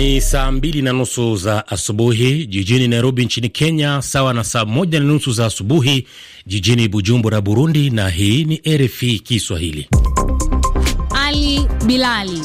Ni saa mbili na nusu za asubuhi jijini Nairobi nchini Kenya, sawa na saa moja na nusu za asubuhi jijini Bujumbura, Burundi. Na hii ni RFI Kiswahili. Ali Bilali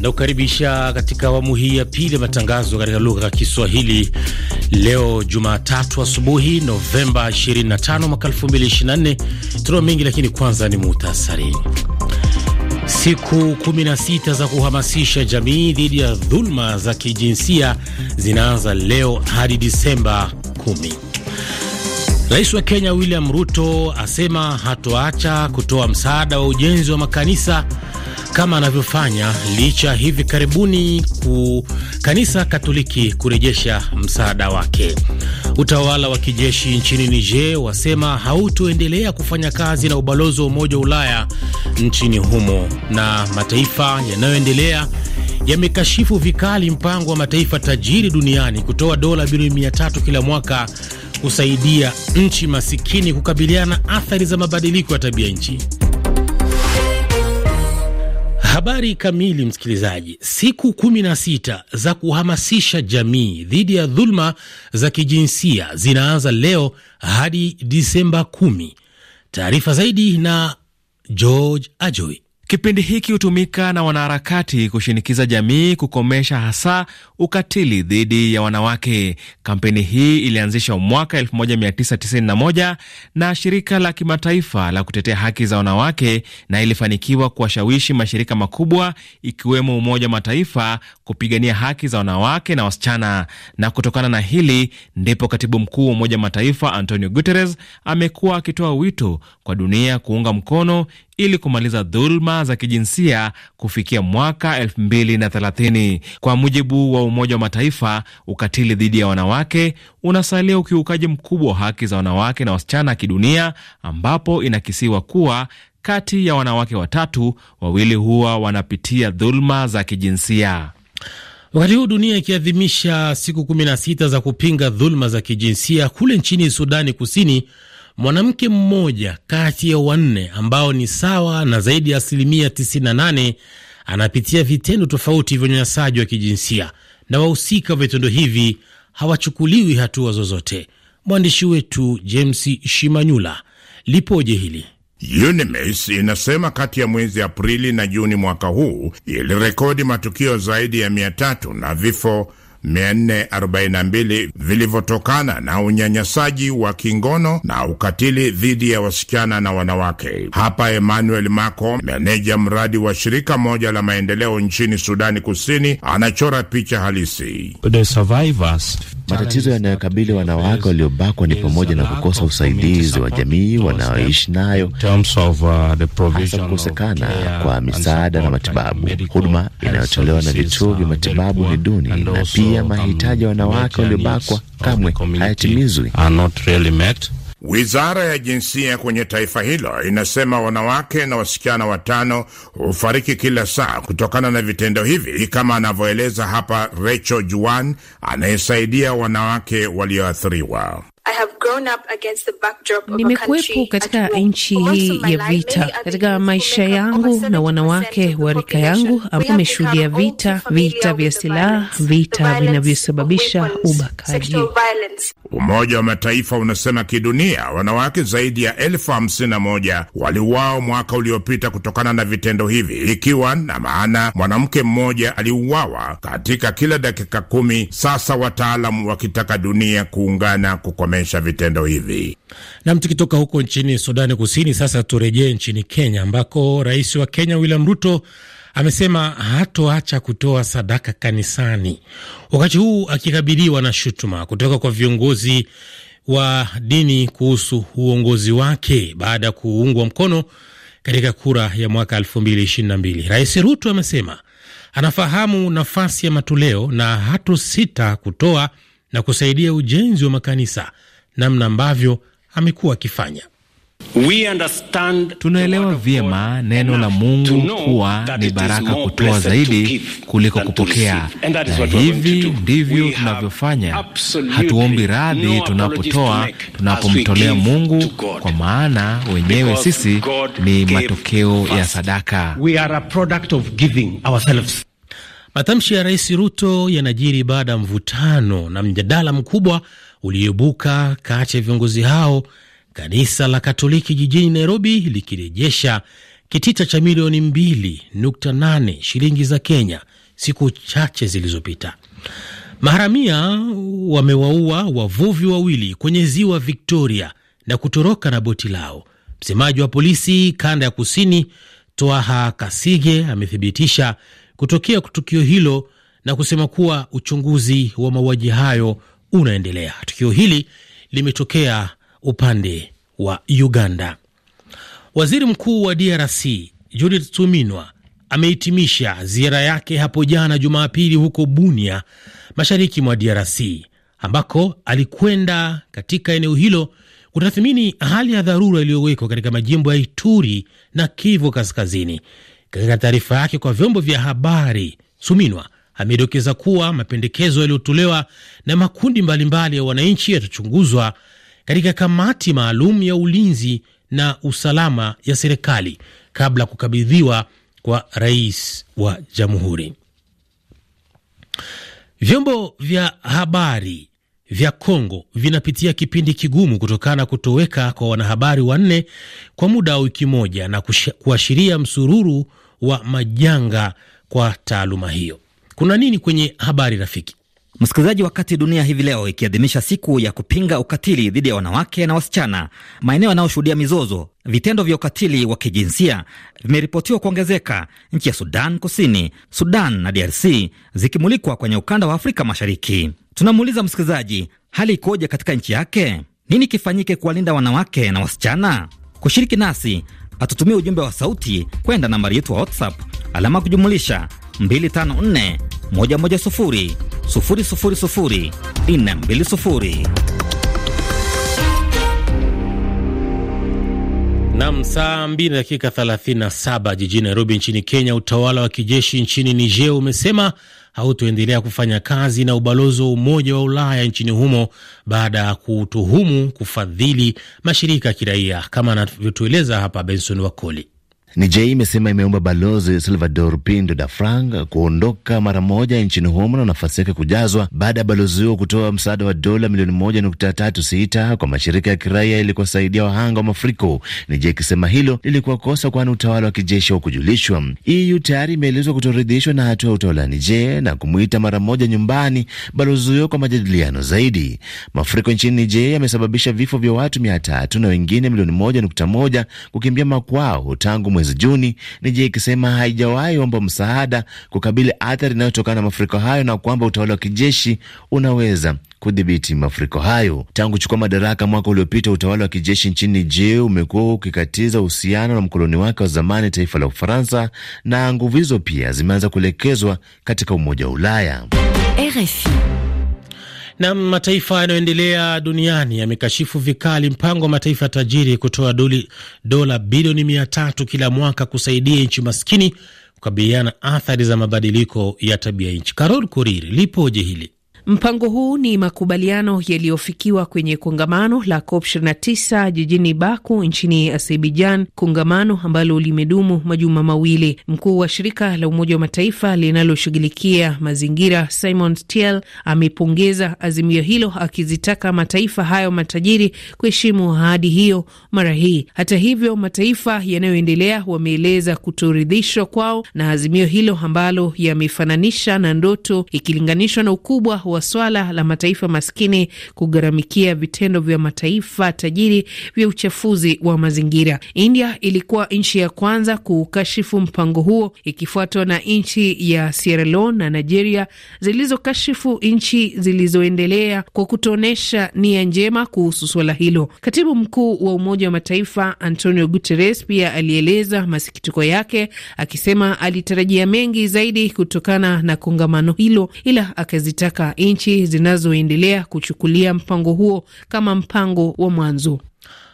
nakukaribisha katika awamu hii ya pili ya matangazo katika lugha ya Kiswahili leo Jumatatu asubuhi Novemba 25 mwaka 2024. Tunao mengi, lakini kwanza ni muhtasari Siku 16 za kuhamasisha jamii dhidi ya dhuluma za kijinsia zinaanza leo hadi Disemba 10. Rais wa Kenya William Ruto asema hatoacha kutoa msaada wa ujenzi wa makanisa kama anavyofanya licha hivi karibuni ku kanisa Katoliki kurejesha msaada wake. Utawala wa kijeshi nchini Niger wasema hautoendelea kufanya kazi na ubalozi wa Umoja wa Ulaya nchini humo, na mataifa yanayoendelea yamekashifu vikali mpango wa mataifa tajiri duniani kutoa dola bilioni 3 kila mwaka kusaidia nchi masikini kukabiliana na athari za mabadiliko ya tabia nchi. Habari kamili, msikilizaji. Siku kumi na sita za kuhamasisha jamii dhidi ya dhuluma za kijinsia zinaanza leo hadi Disemba kumi. Taarifa zaidi na George Ajoy. Kipindi hiki hutumika na wanaharakati kushinikiza jamii kukomesha hasa ukatili dhidi ya wanawake. Kampeni hii ilianzishwa mwaka 1991 na shirika la kimataifa la kutetea haki za wanawake na ilifanikiwa kuwashawishi mashirika makubwa ikiwemo Umoja wa Mataifa kupigania haki za wanawake na wasichana. Na kutokana na hili ndipo katibu mkuu wa Umoja wa Mataifa Antonio Guterres amekuwa akitoa wito kwa dunia kuunga mkono ili kumaliza dhuluma za kijinsia kufikia mwaka 2030. Kwa mujibu wa Umoja wa Mataifa, ukatili dhidi ya wanawake unasalia ukiukaji mkubwa wa haki za wanawake na wasichana kidunia, ambapo inakisiwa kuwa kati ya wanawake watatu wawili huwa wanapitia dhuluma za kijinsia. Wakati huu dunia ikiadhimisha siku 16 za kupinga dhuluma za kijinsia, kule nchini Sudani Kusini mwanamke mmoja kati ya wanne ambao ni sawa na zaidi ya asilimia 98 anapitia vitendo tofauti vya unyanyasaji wa kijinsia na wahusika wa vitendo hivi hawachukuliwi hatua zozote. Mwandishi wetu James Shimanyula, lipoje hili? UNIMES inasema kati ya mwezi Aprili na Juni mwaka huu ilirekodi matukio zaidi ya mia tatu na vifo 442 vilivyotokana na unyanyasaji wa kingono na ukatili dhidi ya wasichana na wanawake. Hapa Emmanuel Mako, meneja mradi wa shirika moja la maendeleo nchini Sudani Kusini, anachora picha halisi. The survivors Matatizo yanayokabili wanawake waliobakwa ni pamoja na kukosa usaidizi wa jamii wanaoishi nayo, uh, hasa kukosekana kwa misaada na matibabu. Huduma inayotolewa na vituo vya uh, matibabu ni duni, na pia mahitaji ya wanawake waliobakwa kamwe hayatimizwi. Wizara ya jinsia kwenye taifa hilo inasema wanawake na wasichana watano hufariki kila saa kutokana na vitendo hivi, kama anavyoeleza hapa Rachel Juan anayesaidia wanawake walioathiriwa. Nimekuwepo katika nchi hii ya vita katika maisha yangu na wanawake wa rika yangu ambao wameshuhudia vita, vita vya silaha, vita vinavyosababisha ubakaji. Umoja wa Mataifa unasema kidunia wanawake zaidi ya elfu hamsini na moja waliuawa mwaka uliopita kutokana na vitendo hivi, ikiwa na maana mwanamke mmoja aliuawa katika kila dakika kumi, sasa wataalamu wakitaka dunia kuungana kukomesha kukomesha vitendo hivi. Nam, tukitoka huko nchini Sudani Kusini, sasa turejee nchini Kenya ambako rais wa Kenya William Ruto amesema hatoacha kutoa sadaka kanisani, wakati huu akikabiliwa na shutuma kutoka kwa viongozi wa dini kuhusu uongozi wake baada ya kuungwa mkono katika kura ya mwaka 2022. Rais Ruto amesema anafahamu nafasi ya matoleo na hatosita kutoa na kusaidia ujenzi wa makanisa namna ambavyo amekuwa akifanya. Tunaelewa vyema neno la Mungu kuwa ni baraka kutoa zaidi kuliko kupokea, na hivi ndivyo tunavyofanya. Hatuombi radhi tunapotoa, tunapomtolea Mungu, kwa maana wenyewe sisi ni matokeo ya sadaka. We are a product of giving ourselves. Matamshi ya Rais Ruto yanajiri baada ya mvutano na mjadala mkubwa ulioibuka kati ya viongozi hao, kanisa la Katoliki jijini Nairobi likirejesha kitita cha milioni 2.8 shilingi za Kenya siku chache zilizopita. Maharamia wamewaua wavuvi wawili kwenye ziwa Victoria na kutoroka na boti lao. Msemaji wa polisi kanda ya kusini Twaha Kasige amethibitisha kutokea tukio hilo na kusema kuwa uchunguzi wa mauaji hayo unaendelea. Tukio hili limetokea upande wa Uganda. Waziri Mkuu wa DRC Judith Suminwa amehitimisha ziara yake hapo jana Jumapili huko Bunia, mashariki mwa DRC, ambako alikwenda katika eneo hilo kutathmini hali ya dharura iliyowekwa katika majimbo ya Ituri na Kivu Kaskazini. Katika taarifa yake kwa vyombo vya habari, Suminwa amedokeza kuwa mapendekezo yaliyotolewa na makundi mbalimbali mbali ya wananchi yatachunguzwa katika kamati maalum ya ulinzi na usalama ya serikali kabla ya kukabidhiwa kwa rais wa jamhuri. Vyombo vya habari vya Kongo vinapitia kipindi kigumu kutokana na kutoweka kwa wanahabari wanne kwa muda wa wiki moja na kuashiria msururu wa majanga kwa taaluma hiyo. Kuna nini kwenye habari rafiki? Msikilizaji, wakati dunia hivi leo ikiadhimisha siku ya kupinga ukatili dhidi ya wanawake na wasichana, maeneo yanayoshuhudia mizozo, vitendo vya ukatili wa kijinsia vimeripotiwa kuongezeka, nchi ya Sudan Kusini, Sudan na DRC zikimulikwa kwenye ukanda wa Afrika Mashariki. Tunamuuliza msikilizaji, hali ikoje katika nchi yake? Nini kifanyike kuwalinda wanawake na wasichana? Kushiriki nasi atutumie ujumbe wa sauti kwenda nambari yetu wa WhatsApp alama ya kujumulisha 254 110 000 420. saa saa 2 dakika 37 jijini Nairobi nchini Kenya. Utawala wa kijeshi nchini Niger umesema hautoendelea kufanya kazi na ubalozi wa Umoja wa Ulaya nchini humo baada ya kutuhumu kufadhili mashirika ya kiraia, kama anavyotueleza hapa Benson Wakoli. Niger imesema imeomba balozi Salvador Pindo da Frank kuondoka mara moja nchini humo na nafasi yake kujazwa baada ya balozi huo kutoa msaada wa dola milioni moja nukta tatu sita kwa mashirika ya kiraia ili kuwasaidia wahanga wa mafuriko. Niger ikisema hilo lilikuwa kosa, kwani utawala wa kijeshi haukujulishwa. EU tayari imeelezwa kutoridhishwa na hatua ya utawala wa Niger na kumwita mara moja nyumbani balozi huo kwa majadiliano zaidi. Mafuriko nchini Niger yamesababisha vifo vya watu mia tatu na wengine milioni moja nukta moja kukimbia makwao tangu mwezi Juni, Nigeria ikisema haijawahi omba msaada kukabili athari inayotokana na mafuriko hayo na kwamba utawala wa kijeshi unaweza kudhibiti mafuriko hayo. Tangu kuchukua madaraka mwaka uliopita, utawala wa kijeshi nchini Niger umekuwa ukikatiza uhusiano na mkoloni wake wa zamani, taifa la Ufaransa, na nguvu hizo pia zimeanza kuelekezwa katika Umoja wa Ulaya. RFI. Na mataifa yanayoendelea duniani yamekashifu vikali mpango wa mataifa tajiri kutoa dola bilioni mia tatu kila mwaka kusaidia nchi maskini kukabiliana athari za mabadiliko ya tabia nchi. Karol Kuriri lipoje hili? Mpango huu ni makubaliano yaliyofikiwa kwenye kongamano la COP 29 jijini Baku nchini Azerbaijan, kongamano ambalo limedumu majuma mawili. Mkuu wa shirika la Umoja wa Mataifa linaloshughulikia mazingira Simon Stiel amepongeza azimio hilo, akizitaka mataifa hayo matajiri kuheshimu ahadi hiyo mara hii. Hata hivyo, mataifa yanayoendelea wameeleza kutoridhishwa kwao na azimio hilo ambalo yamefananisha na ndoto ikilinganishwa na ukubwa kuwa swala la mataifa maskini kugharamikia vitendo vya mataifa tajiri vya uchafuzi wa mazingira. India ilikuwa nchi ya kwanza kuukashifu mpango huo ikifuatwa na nchi ya Sierra Leone na Nigeria zilizokashifu nchi zilizoendelea kwa kutoonyesha nia njema kuhusu swala hilo. Katibu mkuu wa Umoja wa Mataifa Antonio Guterres pia alieleza masikitiko yake akisema alitarajia mengi zaidi kutokana na kongamano hilo, ila akazitaka nchi zinazoendelea kuchukulia mpango huo kama mpango wa mwanzo.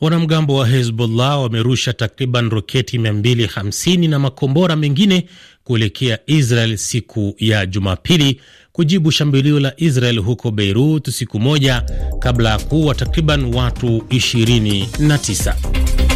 Wanamgambo wa Hezbollah wamerusha takriban roketi 250 na makombora mengine kuelekea Israel siku ya Jumapili kujibu shambulio la Israel huko Beirut siku moja kabla ya kuua takriban watu 29.